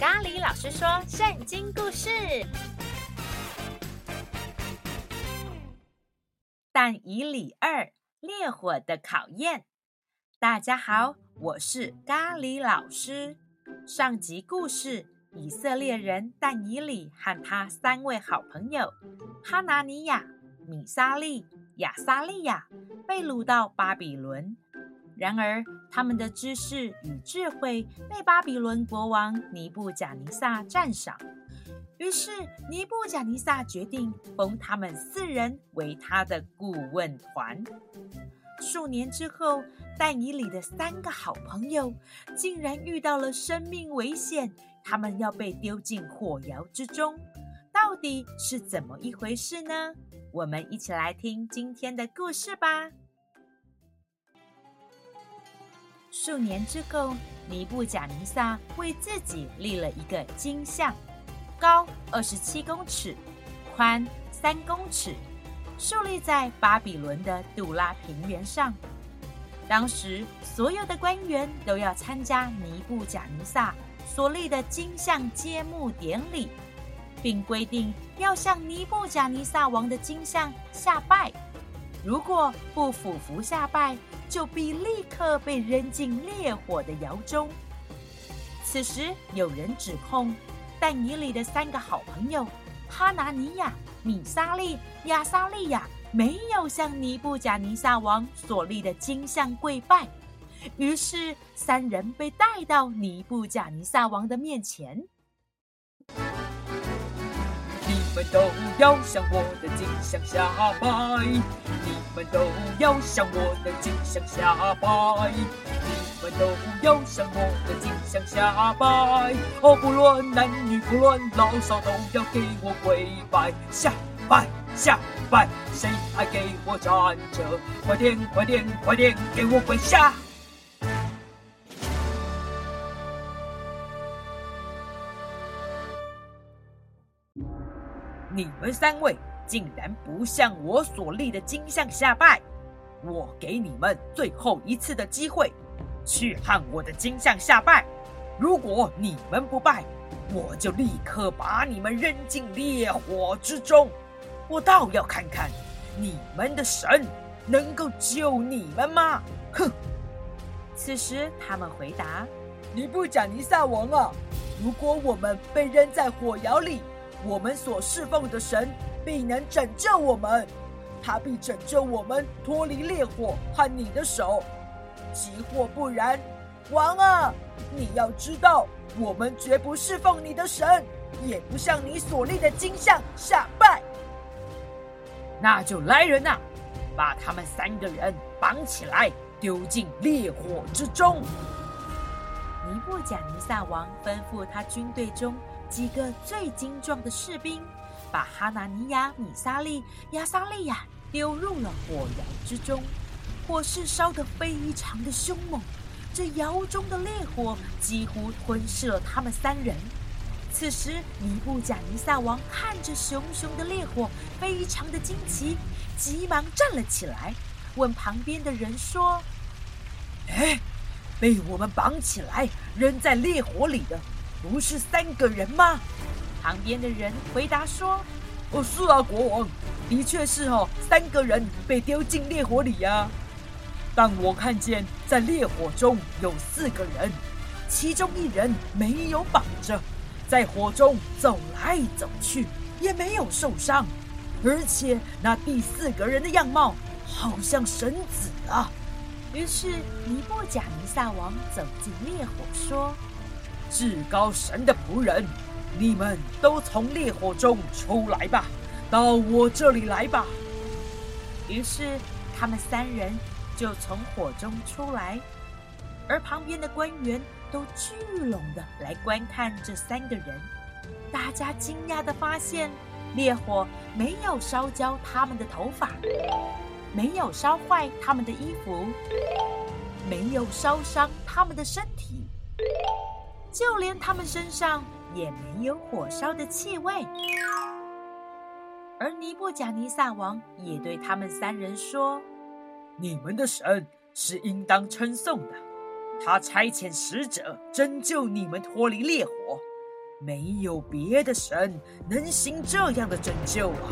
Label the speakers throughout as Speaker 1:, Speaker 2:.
Speaker 1: 咖喱老師說聖經故事，但以理二，烈火的考驗。大家好，我是咖喱老師。上集故事，以色列人但以理和他三位好朋友哈拿尼雅、米沙利、亞撒利雅，被擄到巴比倫。然而，他們的知識與智慧被巴比倫國王尼布甲尼撒讚賞，於是尼布甲尼撒決定封他們四人為他的顧問團。數年之後，但以理的三個好朋友竟然遇到了生命危險，他們要被丟進火窯之中，到底是怎麼一回事呢？我們一起來聽今天的故事吧。數年之後，尼布甲尼撒為自己立了一個金像，高二十七公尺，寬三公尺，豎立在巴比倫的杜拉平原上。當時，所有的官員都要參加尼布甲尼撒所立的金像揭幕典禮，並規定要向尼布甲尼撒王的金像下拜。如果不俯伏下拜，就必立刻被扔進烈火的窯中。此時有人指控，但以理的三個好朋友哈拿尼亞、米沙利、亞撒利雅沒有向尼布甲尼撒王所立的金像跪拜，於是三人被帶到尼布甲尼撒王的面前。你們都要向我的金像下拜，你們都要向我的金像下拜，你們都要向我的金像下拜。哦，不論男女，不論老少，都要給我跪拜，下拜下拜，誰還給我站着？快點快點快點，給我跪下！你們三位竟然不向我所立的金像下拜，我給你們最後一次的機會，去和我的金像下拜。如果你們不拜，我就立刻把你們扔進烈火之中。我倒要看看你們的神能夠救你們嗎？哼！此時他們回答：“尼布甲尼撒王啊，如果我們被扔在火窯裡……”我們所侍奉的神必能拯救我們，他必拯救我們脫離烈火和你的手。即或不然，王啊，你要知道，我們絕不侍奉你的神，也不向你所立的金像下拜。那就來人吶、啊，把他們三個人綁起來，丟進烈火之中。尼布甲尼撒王吩咐他軍隊中。幾個最精壯的士兵把哈拿尼雅、米沙利、亞撒利雅丟入了火窯之中，火勢燒得非常的兇猛，這窯中的烈火幾乎吞噬了他們三人。此時，尼布甲尼撒王看着熊熊的烈火，非常的驚奇，急忙站了起來，問旁邊的人說：“哎，被我們綁起來扔在烈火裡的？”不是三個人嗎？旁邊的人回答說：“哦，是啊，國王，的確是哦，三個人被丟進烈火裡呀、啊。但我看見在烈火中有四個人，其中一人沒有綁着，在火中走來走去，也沒有受傷，而且那第四個人的樣貌好像神子啊。”於是尼布甲尼撒王走進烈火說。至高神的僕人，你們都從烈火中出來吧，到我這裡來吧。於是，他們三人就從火中出來，而旁邊的官員都聚攏的來觀看這三個人。大家驚訝的發現，烈火沒有燒焦他們的頭髮，沒有燒壞他們的衣服，沒有燒傷他們的身體。就連他們身上也沒有火燒的氣味，而尼布甲尼撒王也對他們三人說：“你們的神是應當稱頌的，他差遣使者拯救你們脫離烈火，沒有別的神能行這樣的拯救啊！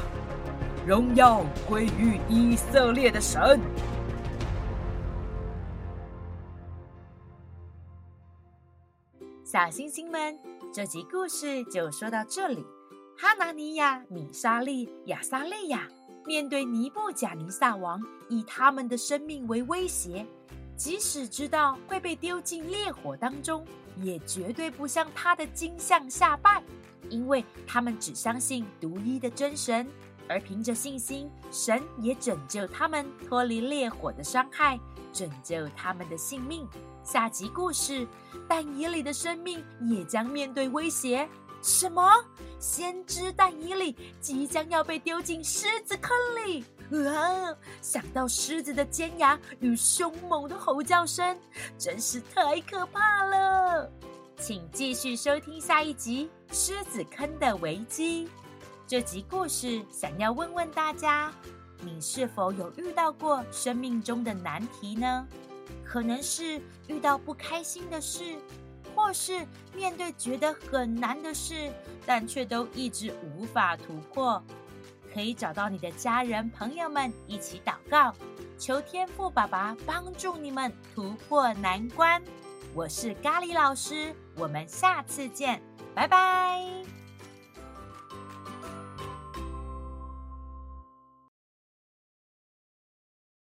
Speaker 1: 榮耀歸於以色列的神。”小星星們，這集故事就說到這裡。哈拿尼亞、米沙利、亞撒利亞面對尼布甲尼撒王，以他們的生命為威脅，即使知道會被丟進烈火當中，也絕對不向他的金像下拜，因為他們只相信獨一的真神，而憑着信心，神也拯救他們脫離烈火的傷害，拯救他們的性命。下集故事，但以理的生命也將面對威脅。什麼？先知但以理即將要被丟進獅子坑裡！啊，想到獅子的尖牙與凶猛的吼叫聲，真是太可怕了。請繼續收聽下一集《獅子坑的危機》。這集故事想要問問大家，你是否有遇到過生命中的難題呢？可能是遇到不開心的事，或是面對覺得很難的事，但卻都一直無法突破，可以找到你的家人朋友們一起禱告，求天父爸爸幫助你們突破難關。我是咖喱老師，我們下次見，拜拜。